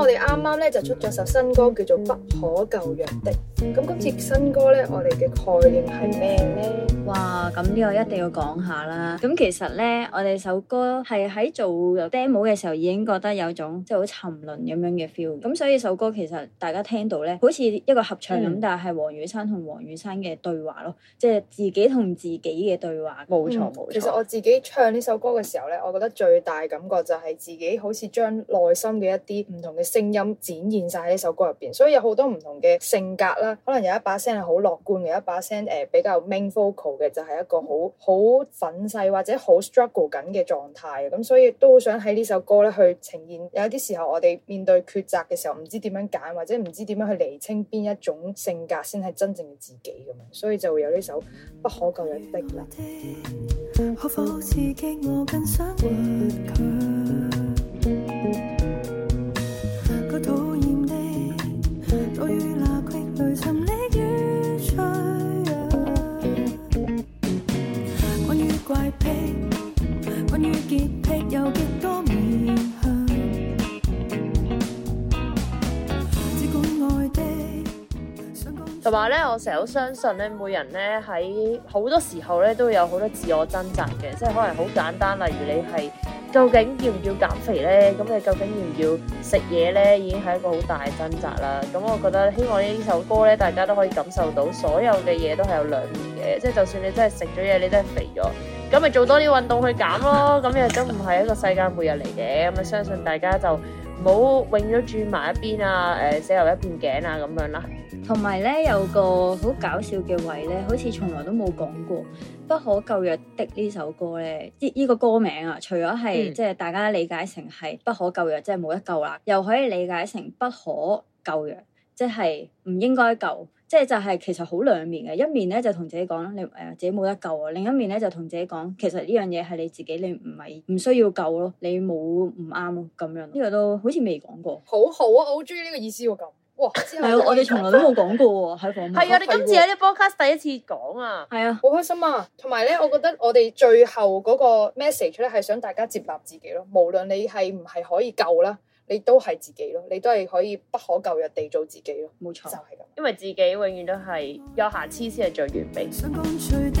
我哋啱啱咧就出咗首新歌，叫做《不可救藥的》。咁、嗯嗯、今次新歌咧，我哋嘅概念係咩呢？哇！咁呢個一定要講下啦。咁、嗯嗯、其實呢，我哋首歌係喺做 demo 嘅時候，已經覺得有種即係好沉淪咁樣嘅 feel。咁所以首歌其實大家聽到呢好似一個合唱咁，嗯、但係王雨山同王雨山嘅對話咯，即係自己同自己嘅對話。冇錯冇錯。其實我自己唱呢首歌嘅時候呢，我覺得最大感覺就係自己好似將內心嘅一啲唔同嘅。聲音展現晒喺呢首歌入邊，所以有好多唔同嘅性格啦。可能有一把聲係好樂觀，有一把聲誒比較 main vocal 嘅，就係、是、一個好好憤世或者好 struggle 緊嘅狀態。咁所以都想喺呢首歌咧去呈現。有啲時候我哋面對抉擇嘅時候，唔知點樣揀，或者唔知點樣去釐清邊一種性格先係真正嘅自己咁樣。所以就會有呢首不可救藥的啦。嗯嗯嗯嗯嗯癖，有幾多面向？同埋咧，我成日好相信咧，每人咧喺好多時候咧，都有好多自我掙扎嘅，即係可能好簡單，例如你係究竟要唔要減肥咧？咁你究竟要唔要食嘢咧？已經係一個好大嘅掙扎啦。咁我覺得希望呢首歌咧，大家都可以感受到，所有嘅嘢都係有兩面嘅，即係就算你真係食咗嘢，你都係肥咗。咁咪做多啲運動去減咯，咁又都唔係一個世界末日嚟嘅，咁啊相信大家就唔好永遠都轉埋一邊啊，誒、呃，斜右一邊頸啊咁樣啦。同埋咧有，呢有個好搞笑嘅位咧，好似從來都冇講過《不可救藥》的呢首歌咧，呢依、呢個歌名啊，除咗係即係大家理解成係不可救藥，即係冇得救啦，又可以理解成不可救藥，即係唔應該救。即係就係其實好兩面嘅，一面咧就同自己講，你誒自己冇得救啊，另一面咧就同自己講，其實呢樣嘢係你自己，你唔係唔需要救咯，你冇唔啱咯，咁樣呢個都好似未講過，好好啊，我好中意呢個意思喎、啊、咁，哇，係我哋從來都冇講過喎，喺房係啊，你今 次喺啲 podcast 第一次講啊，係的啊，好開心啊，同埋咧，我覺得我哋最後嗰個 message 咧係想大家接納自己咯，無論你係唔係可以救啦。你都係自己囉，你都係可以不可救藥地做自己囉，冇錯，就係咁，因為自己永遠都係有瑕疵先係最完美。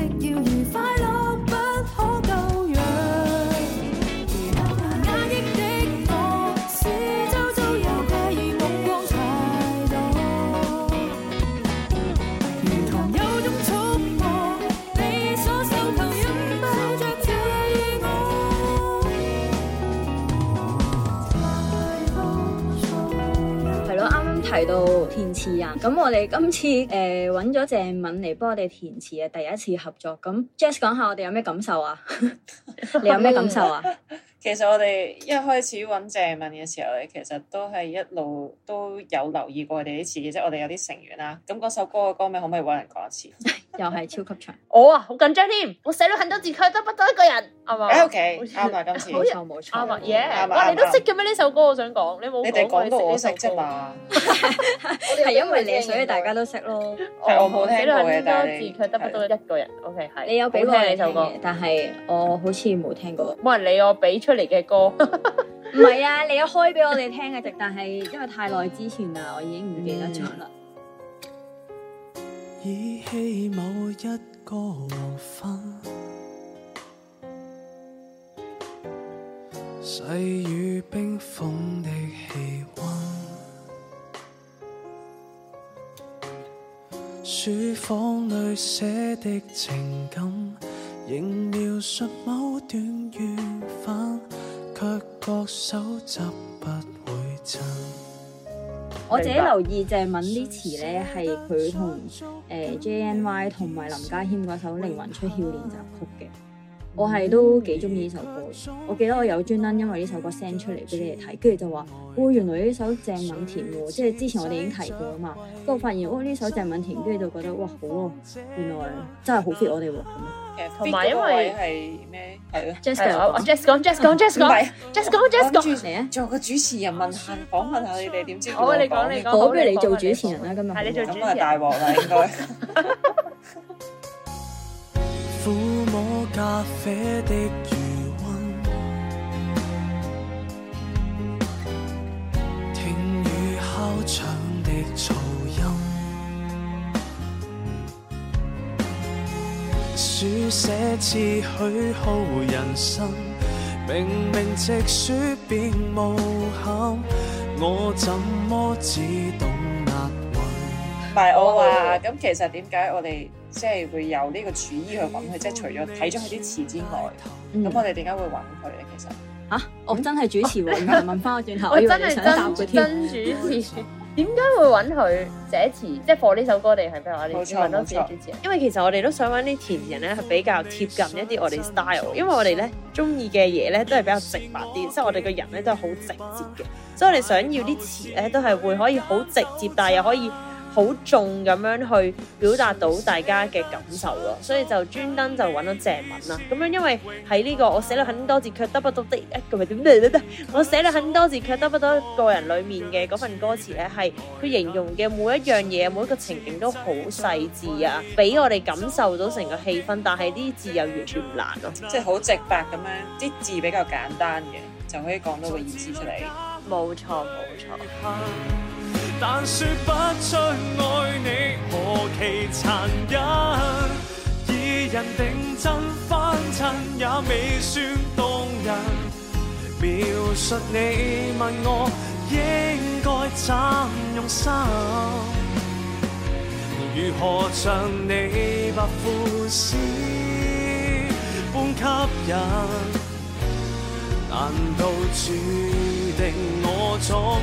填詞人，咁我哋今次誒搵咗鄭敏嚟幫我哋填詞啊，第一次合作，咁 Jess 講下我哋有咩感受啊？ 你有咩感受啊？ 其實我哋一開始搵鄭敏嘅時候咧，其實都係一路都有留意過佢哋啲詞嘅，即係我哋有啲成員啦，啊。咁嗰首歌嘅歌名可唔可以搵人講一次？ 又係超級長，我啊好緊張添，我寫咗很多字卻得不到一個人，係嘛？OK，啱啊，今次冇錯冇錯，啱啊耶！哇，你都識嘅咩？呢首歌我想講，你冇你哋講到啲成績嘛？我哋係因為你所以大家都識咯。我寫了很多字卻得不到一個人。O K，係你有俾過你首歌，但係我好似冇聽過。冇人理我俾出嚟嘅歌，唔係啊，你有開俾我哋聽嘅，但係因為太耐之前啦，我已經唔記得咗啦。依稀某一個黃昏，細雨冰封的氣温，書房裏寫的情感，仍描述某段緣分，卻覺手執不會贈。我自己留意鄭敏呢首詞咧，係佢同誒 J N Y 同埋林家謙嗰首《靈魂出竅》練習曲嘅。我係都幾中意呢首歌，我記得我有專登因為呢首歌 send 出嚟俾你哋睇，跟住就話，哦，原來呢首鄭敏填喎，即係之前我哋已經提過啊嘛，不過發現哦，呢首鄭敏填，跟住就覺得哇，好喎，原來真係好 fit 我哋喎。同埋因為係咩？係咯，Jess 講，Jess 講，Jess 講，Jess 講，Jess 講，Jess 講，你啊，做個主持人問下訪問下你哋點知？好，你講你講，不如你做主持人啦今日，咁啊大鑊啦應該。撫摸咖啡的餘溫，聽雨敲窗的噪音，書寫此虛耗人生，明明直書便無憾，我怎麼只懂押韻？唔係我話，咁其實點解我哋？即係會有呢個主意去揾佢，即係除咗睇咗佢啲詞之外，咁、嗯、我哋點解會揾佢咧？其實嚇、啊，我真係主持，喎！ 問翻我轉頭，我真係真真主持，點解會揾佢寫詞？即係 for 呢首歌定係譬如話你揾多啲詞啊？因為其實我哋都想揾啲填詞人咧，係比較貼近一啲我哋 style，因為我哋咧中意嘅嘢咧都係比較直白啲，即係我哋個人咧都係好直接嘅，所以我哋想要啲詞咧都係會可以好直接，但係又可以。好重咁樣去表達到大家嘅感受咯，所以就專登就揾到鄭敏啦。咁樣，因為喺呢個我寫咗很多字卻得不到的，誒，佢咪點嚟嚟嚟？我寫咗很多字卻得不到一個人裏面嘅嗰份歌詞咧，係佢形容嘅每一樣嘢，每一個情景都好細致啊，俾我哋感受到成個氣氛。但係呢啲字又完全唔難咯、啊，即係好直白咁樣，啲字比較簡單嘅就可以講到個意思出嚟。冇錯，冇錯。但說不出愛你何其殘忍，二人定真翻襯也未算動人。描述你問我應該怎用心，如何像你白富斯般吸引？難道注定我總？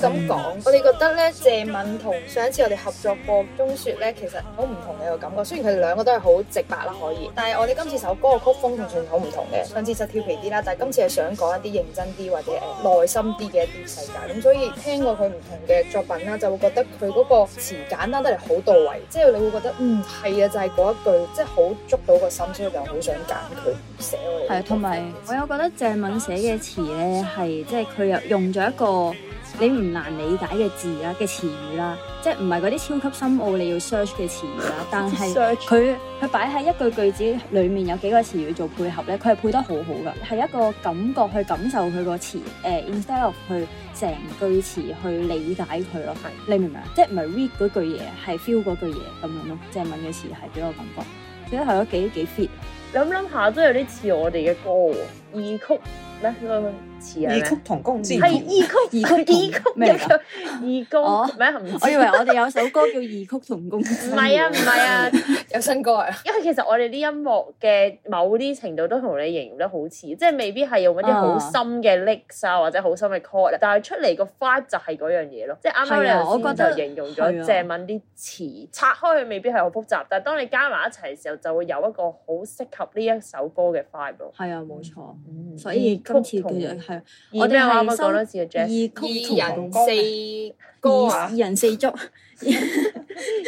咁講、嗯，我哋覺得咧，鄭敏同上一次我哋合作過中雪咧，其實好唔同嘅個感覺。雖然佢哋兩個都係好直白啦，可以，但係我哋今次首歌嘅曲風仲係好唔同嘅。上次就俏皮啲啦，但係今次係想講一啲認真啲或者誒內、呃、心啲嘅一啲世界。咁、嗯、所以聽過佢唔同嘅作品啦，就會覺得佢嗰個詞簡單得嚟好到位，即係你會覺得嗯係啊，就係、是、嗰一句，即係好捉到個心，所以就好想揀佢。係，同埋實我有覺得鄭敏寫嘅詞咧，係即係佢又用咗一個。你唔難理解嘅字啦，嘅詞語啦，即係唔係嗰啲超級深奧你要 search 嘅詞語啦， 但係佢佢擺喺一句句子裡面有幾個詞語做配合咧，佢係配得好好噶，係一個感覺去感受佢個詞，誒、呃、instead of 去成句詞去理解佢咯， 你明唔明啊？即係唔係 read 嗰句嘢，係 feel 嗰句嘢咁樣咯，鄭敏嘅詞係俾我感覺，覺得係咯幾幾 fit。諗諗下都有啲似我哋嘅歌，二曲。咩個詞啊？異曲同工是異曲，異曲，異曲，一個異工，咩啊？我以為我哋有首歌叫《異曲同工》。唔係啊，唔係啊，有新歌嚟啊！因為其實我哋呢音樂嘅某啲程度都同你形容得好似，即係未必係用乜啲好深嘅 lick 啊，或者好深嘅 call，但係出嚟個 fave 就係嗰樣嘢咯。即係啱啱你頭先就形容咗鄭敏啲詞拆開，未必係好複雜，但係當你加埋一齊嘅時候，就會有一個好適合呢一首歌嘅 fave 咯。係啊，冇錯，所以。二曲同人，異曲同工，二曲同四歌啊！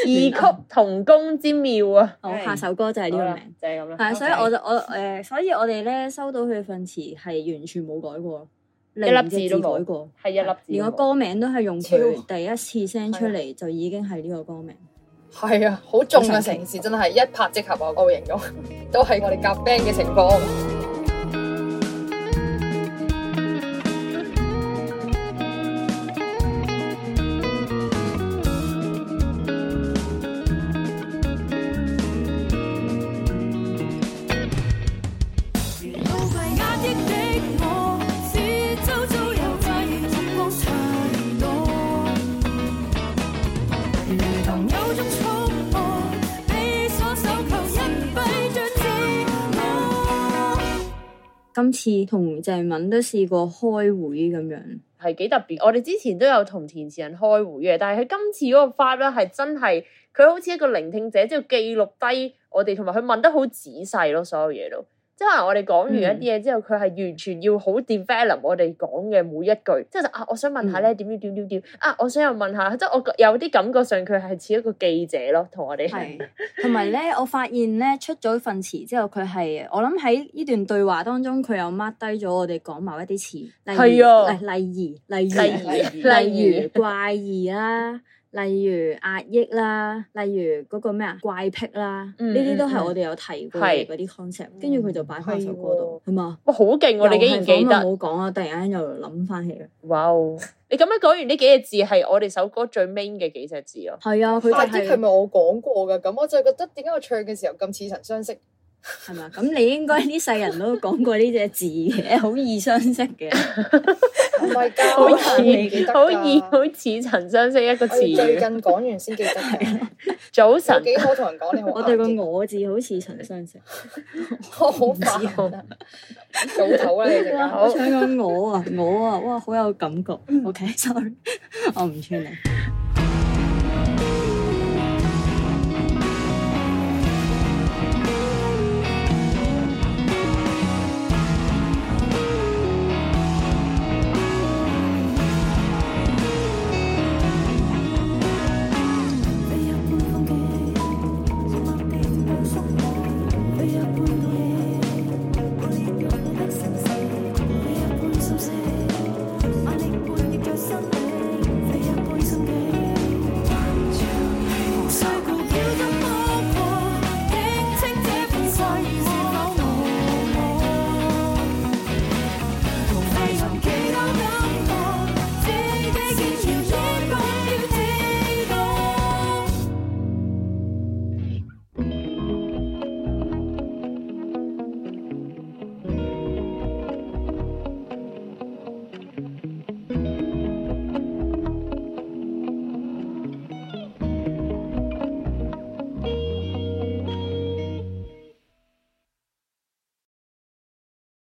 異曲同工之妙啊！我下首歌就係呢個名，就係咁啦。係啊，所以我就我誒，所以我哋咧收到佢份詞係完全冇改過，一粒字都改過，係一粒字。連個歌名都係用佢第一次 send 出嚟，就已經係呢個歌名。係啊，好重嘅城市，真係一拍即合，啊。都會形容，都係我哋夾 band 嘅情況。次同鄭敏都試過開會咁樣，係幾特別。我哋之前都有同填詞人開會嘅，但係佢今次個 five 咧係真係，佢好似一個聆聽者，即係記錄低我哋，同埋佢問得好仔細咯，所有嘢都。即係我哋講完一啲嘢之後，佢係完全要好 develop 我哋講嘅每一句，即係就啊，我想問下咧，點點點點點啊，我想又問下，即係我有啲感覺上佢係似一個記者咯，同我哋係。同埋咧，我發現咧出咗份詞之後，佢係我諗喺呢段對話當中，佢又 mark 低咗我哋講某一啲詞，係啊，例如例如例如怪異啦。例如壓抑啦，例如嗰個咩啊怪癖啦，呢啲、嗯、都係我哋有提過嗰啲 concept，跟住佢就擺翻首歌度，係嘛？哇，好勁，我哋竟然記得，唔好講啦！突然間又諗翻起哇、wow. 你咁樣講完呢幾隻字係我哋首歌最 main 嘅幾隻字啊？係啊，佢係壓抑係咪我講過噶？咁我就覺得點解我唱嘅時候咁似曾相識？係嘛？咁你應該呢世人都講過呢隻字嘅，好易相識嘅，唔係好易， 好易，好似曾相識一個字。最近講完先記得係 對早晨幾好同人講你我對，我哋個我字好似曾相識，好唔 好？ 早唞啊，你哋好，唱個我啊，我，我，我啊，哇，好有感覺。 OK，sorry，okay，我唔串你。